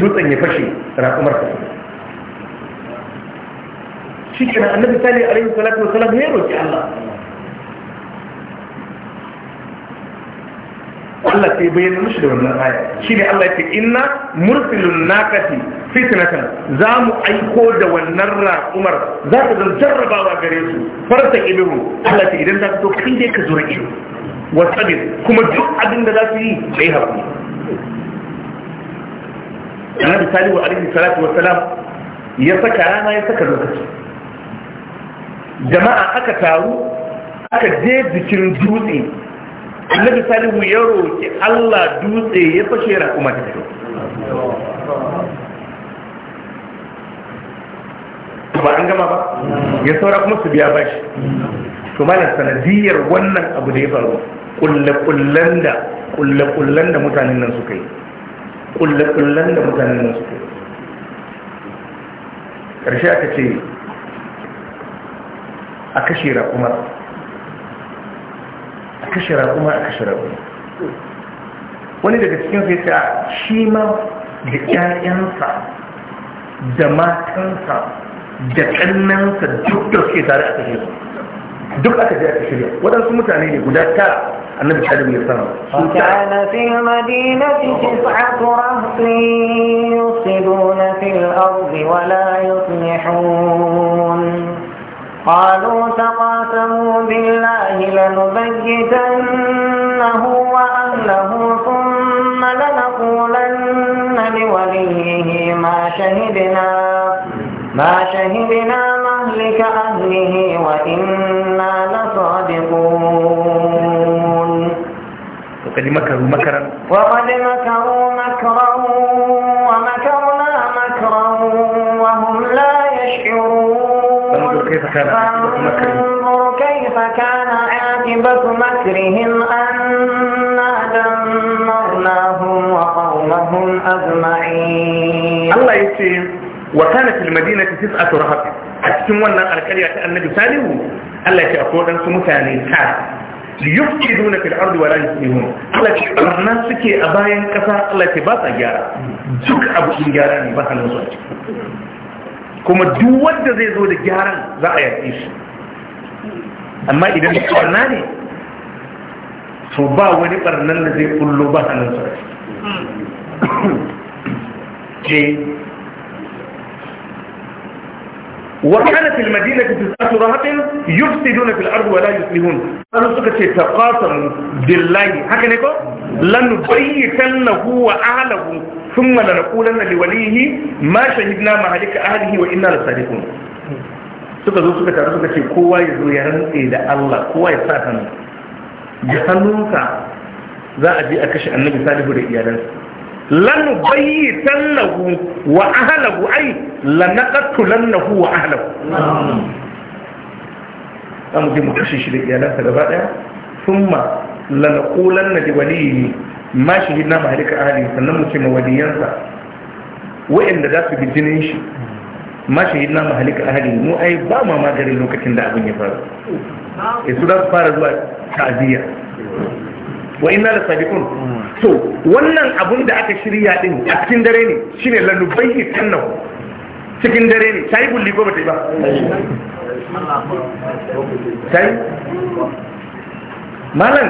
dutsen ya fashe raƙumar ta fito shi ke na annabi sani alaihi salatu wasalam ya roƙi Allah Allah sai bayyana mushi da wannan aya ne Allah ya inna mursilun naqati fitnatan za mu aiko da wannan raƙumar za ka zan jarrabawa gare su farta ibihu Allah ta idan za ka to kai dai ka zura ido wasabir kuma duk abin da za su yi sai haƙuri Annabi Salihu alaihi salatu wassalam ya saka rana ya saka lokaci jama'a aka taru aka je jikin dutse annabi salihu ya roƙi Allah dutse ya fashe raƙuma ta fito ba an gama ba ya saura kuma su biya bashi to mana sanadiyar wannan abu da ya faru kullakullan da kullakullan da mutanen nan suka yi kullakullan da mutanen nan suka yi ƙarshe aka ce a kashe raƙumar a kashe raƙuma a kashe raƙuma wani daga cikin sai ta shi ma da ƴaƴansa da matansa da ƙannansa duk da suke tare a kashe duk aka je a shirya waɗansu mutane ne guda ta annabi ta dubu ya sama su kana fil madinati tis'atu rahsin yusiduna fi al'arzi wa la yuslihun قالوا تقاسموا بالله لنبيتنه وأهله ثم لنقولن لوليه ما شهدنا ما شهدنا مهلك أهله وإنا لصادقون وقد مكروا مكرا وقد مكروا مكرا ومكر كيف كان فانظر كيف كان عاقبة مكرهم أنا دمرناهم وقومهم أجمعين الله يسير وكانت المدينة تسعة رهط أكتم على الكرية النبي سالم الله يقول أنسوا متاني liyufsiduna fil في الأرض ولا يسلمون. الله barna suke a أباين kasa الله ke ba sa gyara duk abu in gyara kuma duk wanda zai zo da gyaran za a yaƙi shi amma idan da barna ne to ba wani barnan da zai kullo ba hannun sarki وكانت المدينة تسعة رهط يفسدون في الأرض ولا يصلحون قالوا سكت تقاسم بالله هكذا يقول لنبيتنه وأهله ثم لنقولن لوليه ما شهدنا مع ذلك أهله وإنا لصادقون سكت zo سكت taru suka ce kowa ya zo ya rantse da Allah kowa ya sa hannu da hannunsa lanubayyitannahu wa ahlahu ai lanaqatulannahu wa ahlahu zamu je mu shi da iyalansa gaba daya thumma lanaqulanna li waliyyi ma shahidna ma halika ahli sannan mu ce ma waliyansa wa'anda za su bi jinin shi ma shahidna ma halika ahli mu ai ba ma magarin lokacin da abin ya faru eh su da fara zuwa ta'ziya wa inna la sabiqun to wannan abun da aka shirya din a cikin dare ne shine bayyi kannahu cikin dare ne sai bulli goma ta yi ba sai malam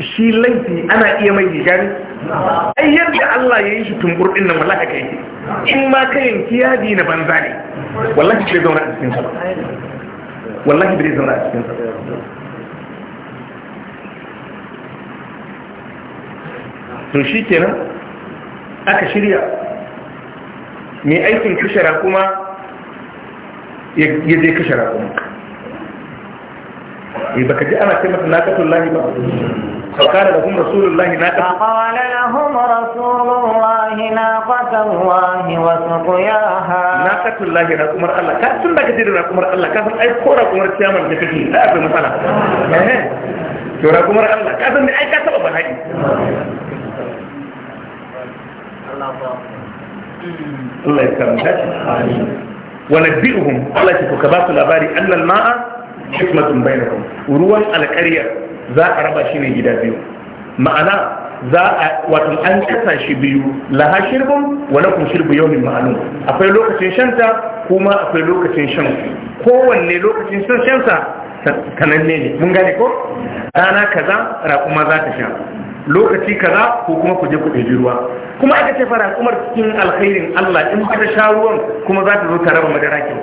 shi laifi ana iya mai jigari ai yadda Allah ya yi shi tumbur din nan wallahi kai in ma ya kiyadi na banza ne wallahi bai zauna a cikin sa ba. wallahi bai zauna a cikin sa to shi kenan aka shirya mai aikin kashara kuma ya je kashara kuma ba ka ji ana ce masa naƙatun lahi ba فقال لهم رسول الله ناقة فقال لهم رسول الله ناقة الله وسقياها ناقة الله راكمر الله كان سنة كتير راكمر الله كان أي كورا كمر كياما كتير لا أفهم مثلا to ra kuma Allah ka san da ai ka taba bala'i Allah ya karanta shi wa nabbi'uhum Allah ya ka ba su labari annal ma'a hikmatun bainakum ruwan alƙarya za a raba shi ne gida biyu ma'ana za a wato an kasa shi biyu laha shirbun wa lakum shirbu yawmin ma'lum akwai lokacin shanta kuma akwai lokacin shan kowanne lokacin shan shansa kananne ne mun gane ko rana kaza raƙuma za ta sha lokaci kaza ko kuma ku je ku ɗebi ruwa kuma aka ce fara kuma cikin alkhairin Allah in ba ta sha ruwan kuma za ta zo ta raba madara ke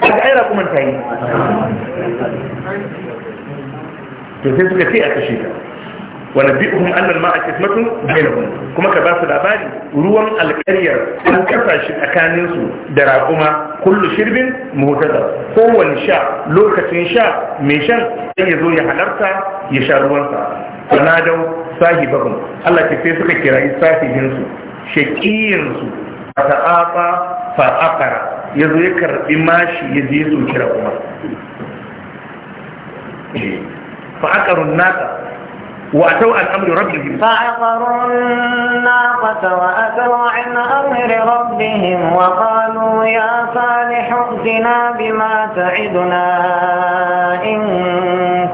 daga aira kuma ta yi to sai suka ce a kashe ta wa nabi'uhum anna al-ma'a qismatun bainahum kuma ka ba su labari ruwan alƙaryar an kasa shi tsakanin su da raƙuma kullu shirbin mutada kowane sha lokacin sha mai shan sai ya zo ya halarta ya sha ruwansa sanadau sahibahum Allah ke sai suka kirayi sahibin su shaqiyin su fata'afa fa'akara ya zo ya karbi mashi ya je su kira kuma fa'akarun nasa وأتوا عن أمر ربهم فعقروا الناقة وأتوا عن أمر ربهم وقالوا يا صالح ائتنا بما تعدنا إن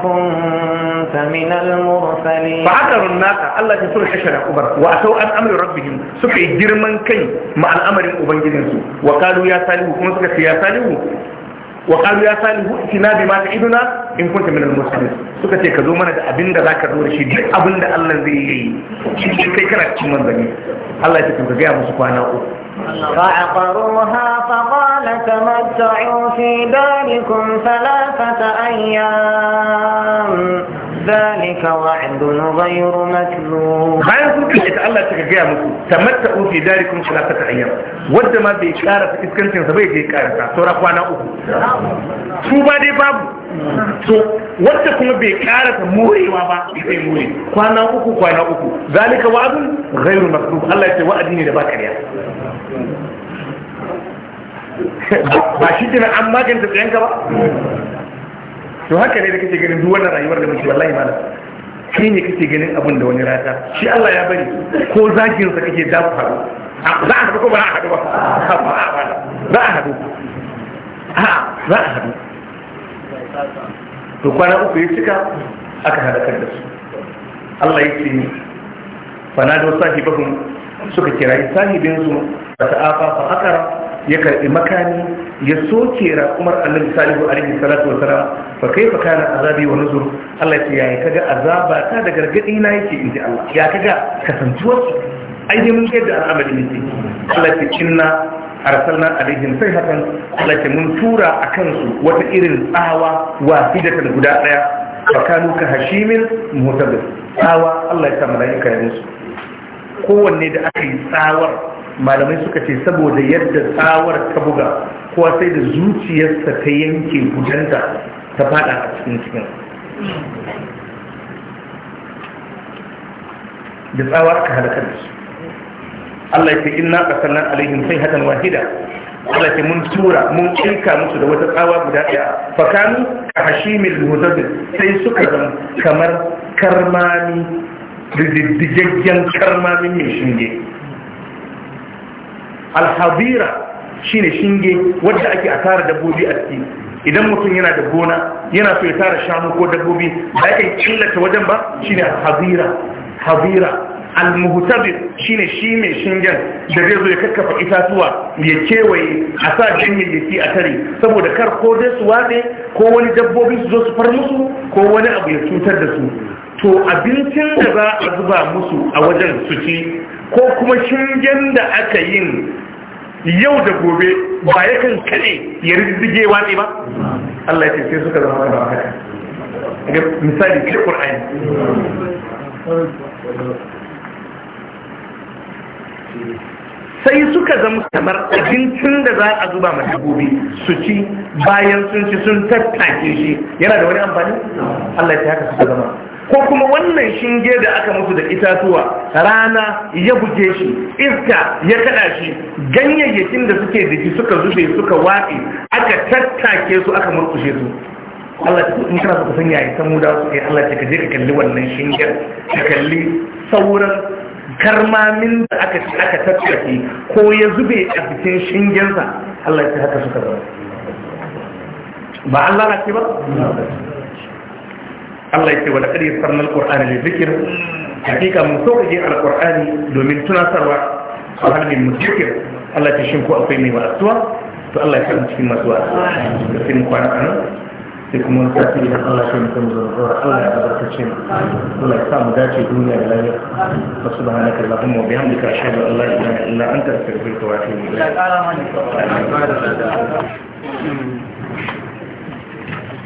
كنت من المرسلين فعقروا الناقة الله تسوي حشرة أبرا وأتوا عن أمر ربهم سكي جرمان كي مع الأمر أبنجدنسو وقالوا يا صالح كنت يا صالح wa qalu ya salihu itina bima ta'iduna in kunta minal muslimin suka ce ka zo mana da abin da zaka zo da shi duk abin da Allah zai yi shi kai kana cikin manzani Allah ya ce ka ga musu kwana uku فعقروها فقال تمتعوا في داركم ثلاثة أيام ذلك وعد غير مكذوب bayan kun kace ta Allah take gaya muku tamatta'u fi darikum salatata ayyam wanda ma bai karasa iskancin sa bai je karasa saura kwana uku su ba dai babu to wanda kuma bai karasa morewa ba bai more kwana uku kwana uku zalika wa'dun ghairu makdub Allah ya ce wa'adi ne da ba kariya ba shi kenan an maganta tsayanka ba to haka ne da kake ganin duk wannan rayuwar da mutum wallahi malam shi ne kake ganin abin da wani rata shi Allah ya bari ko zagin sa kake da ku za a haɗu ko ba a haɗu ba za a haɗu a za a haɗu to kwana uku ya cika aka haɗa kan da su Allah ya ce fanado sahibahum suka kira sahibinsu ba ta'afa fa akara ya karbi makani ya soke raƙumar annabi salihu alaihi salatu wasalam fa kaifa kana azabi wa nuzur Allah ya yaya kaga azaba ta da gargadi na yake inji Allah ya kaga kasantuwar su ai dai mun yadda al'amari yake Allah ya cinna arsalna alaihim sai hakan Allah ce mun tura akan su wata irin tsawa wafidatan guda daya fa kanu ka hashimin mutabir tsawa Allah ya sa malaika ya musu kowanne da aka yi tsawar malamai suka ce saboda yadda tsawar ta buga ko sai da zuciyarsa ta yanke gudanta ta fada a cikin cikin da tsawa aka halakar da su Allah ya ce in inna qasalna alaihim sayhatan wahida Allah ce mun tura mun kirka musu da wata tsawa guda daya fakanu ka hashimil sai suka zama kamar karmami rididdigaggen karma mai shinge alhabira shi ne shinge wadda ake a tara dabbobi a ciki idan mutum yana da gona yana so ya tara shanu ko dabbobi da ake killata wajen ba shi ne alhabira habira almuhtabir shine shi mai shingen da zai zo ya kakkafa itatuwa ya kewaye a sa shi a tare saboda kar ko dai su watse ko wani dabbobi su zo su far musu ko wani abu ya cutar da su to abincin da za a zuba musu a wajen su ci ko kuma shingen da aka yin yau da gobe ba yakan kare ya rizige watsi ba Allah ya ce sai suka zama kamar haka ga misali ke Qur'ani sai suka zama kamar abincin da za a zuba ma dabbobi su ci bayan sun ci sun tattake shi yana da wani amfani Allah ya ce haka suka zama ko kuma wannan shinge da aka musu da itatuwa rana ya buge shi iska ya kada shi ganyayyakin da suke jiki suka zube, suka watsi aka tattake su aka murkushe su Allah in kana suka san yayi samu da suke eh, Allah ka je ka kalli wannan shingen ka kalli sauran karmamin da aka ci aka tattake ko ya zube a cikin shingensa Allah ya haka suka zama ba Allah na ce ba الله يتي ولا قد يسرنا القران للذكر حقيقه من سوقي على القران دومين تنا سروا وهل من مذكر الله تشنكو افيني واسوا تو الله يسلم في مسوا في مقام انا تكون مرتاحين ان الله يسلم في مسوا الله يبارك فيكم الله يسلم داتي الدنيا لا يخ سبحانك اللهم وبحمدك اشهد ان لا اله الا انت استغفرك واتوب اليك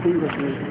Thank you.